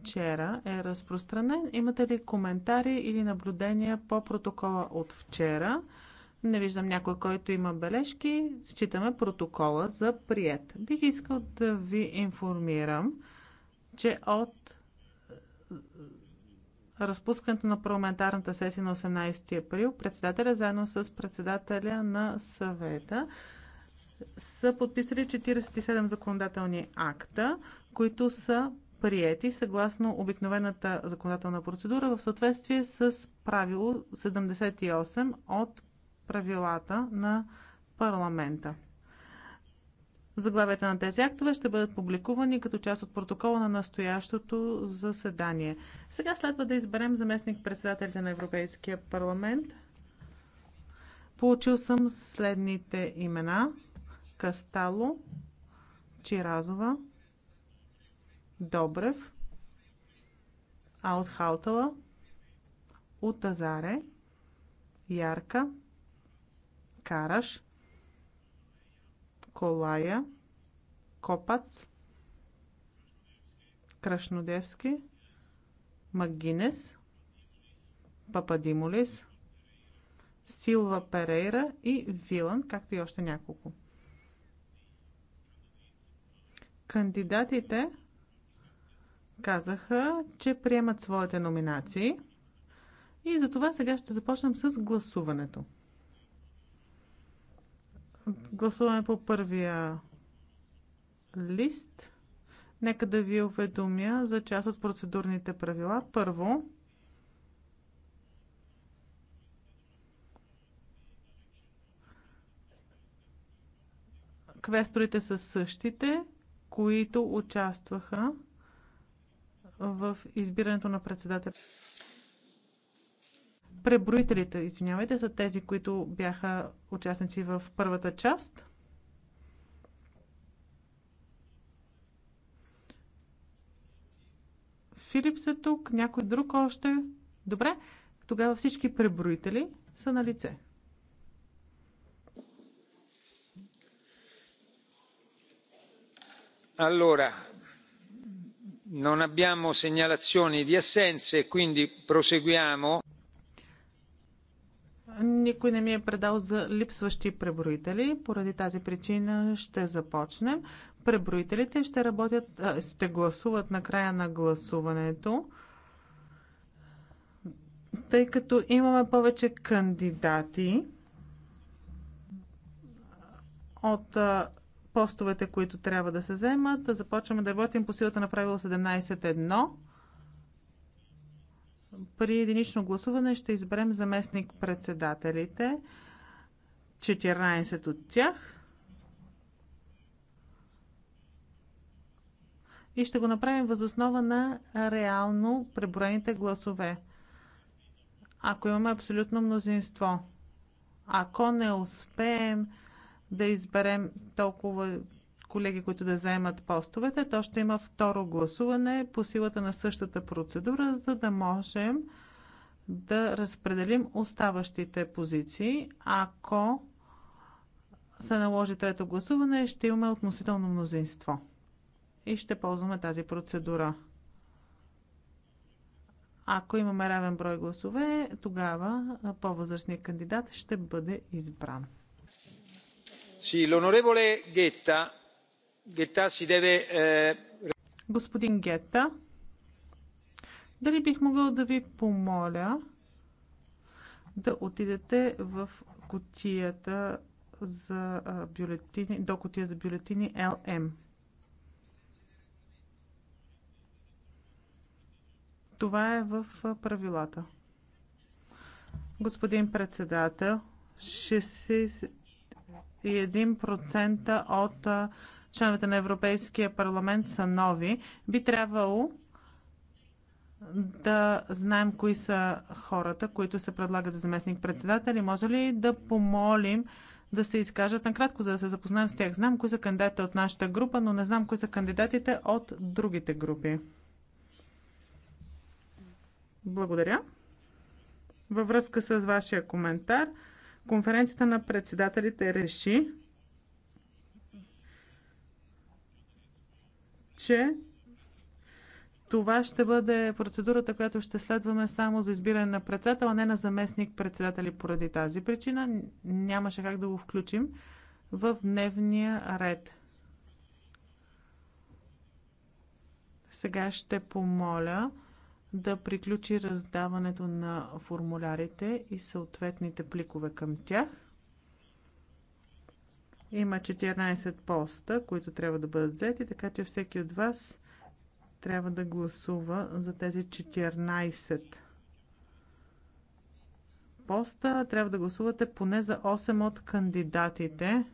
вчера е разпространен. Имате ли коментари или наблюдения по протокола от вчера? Не виждам някой, който има бележки. Считаме протокола за прият. Бих искал да ви информирам, че от разпускането на парламентарната сесия на 18 април, председателя заедно с председателя на съвета са подписали 47 законодателни акта, които са приети съгласно обикновената законодателна процедура в съответствие с правило 78 от правилата на парламента. Заглавията на тези актове ще бъдат публикувани като част от протокола на настоящото заседание. Сега следва да изберем заместник председателите на Европейския парламент. Получил съм следните имена. Кастало, Чиразова, Добрев, Аутхалтала, Утазаре, Ярка, Караш, Колая, Копац, Крашнодевски, Магинес, Пападимолис, Силва Перейра и Вилан, както и още няколко. Кандидатите казаха, че приемат своите номинации. И за това сега ще започнем с гласуването. Гласуваме по първия лист. Нека да ви уведомя за част от процедурните правила. Първо, квесторите са същите, които участваха в избирането на председател. Преброителите, извинявайте, са тези, които бяха участници в първата част. Филип се тук, някой друг още. Добре, тогава всички преброители са на лице. Allora, Non abbiamo segnalazioni di assenze, quindi proseguiamo. Никой не ми е предал за липсващи преброители. Поради тази причина ще започнем. Преброителите ще, работят, ще гласуват на края на гласуването. Тъй като имаме повече кандидати от постовете, които трябва да се вземат. Започваме да работим по силата на правило 17.1. При единично гласуване ще изберем заместник-председателите, 14 от тях. И ще го направим възоснова на реално преброените гласове. Ако имаме абсолютно мнозинство. Ако не успеем да изберем толкова колеги, които да заемат постовете, то ще има второ гласуване по силата на същата процедура, за да можем да разпределим оставащите позиции. Ако се наложи трето гласуване, ще имаме относително мнозинство. И ще ползваме тази процедура. Ако имаме равен брой гласове, тогава по-възрастният кандидат ще бъде избран. Eh, Господин Гета, дали бих могъл да ви помоля да отидете в кутията за бюлетини, до кутия за бюлетини LM. Това е в правилата. Господин председател, ще се. 21% от членовете на Европейския парламент са нови. Би трябвало да знаем кои са хората, които се предлагат за заместник председатели. Може ли да помолим да се изкажат накратко, за да се запознаем с тях? Знам кои са кандидатите от нашата група, но не знам кои са кандидатите от другите групи. Благодаря. Във връзка с вашия коментар, Конференцията на председателите реши, че това ще бъде процедурата, която ще следваме само за избиране на председател, а не на заместник председатели. Поради тази причина нямаше как да го включим в дневния ред. Сега ще помоля да приключи раздаването на формулярите и съответните пликове към тях. Има 14 поста, които трябва да бъдат взети, така че всеки от вас трябва да гласува за тези 14 поста. Трябва да гласувате поне за 8 от кандидатите.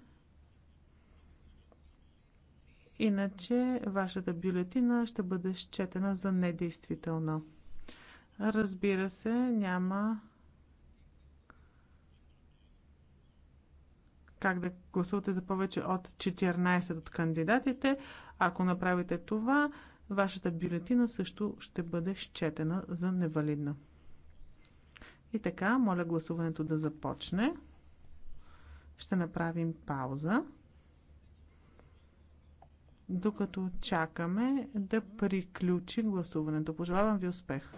Иначе вашата бюлетина ще бъде счетена за недействителна. Разбира се, няма как да гласувате за повече от 14 от кандидатите. Ако направите това, вашата бюлетина също ще бъде счетена за невалидна. И така, моля гласуването да започне. Ще направим пауза докато чакаме да приключи гласуването. Пожелавам ви успех!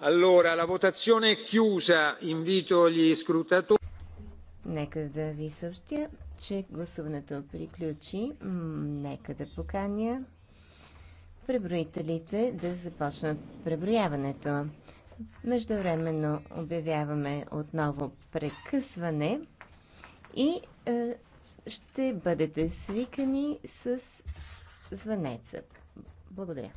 Allora, la votazione è chiusa. Invito gli scrutatori. Нека да ви съобщя, че гласуването приключи. Нека да поканя преброителите да започнат преброяването. Междувременно обявяваме отново прекъсване и е, ще бъдете свикани с звънеца. Благодаря.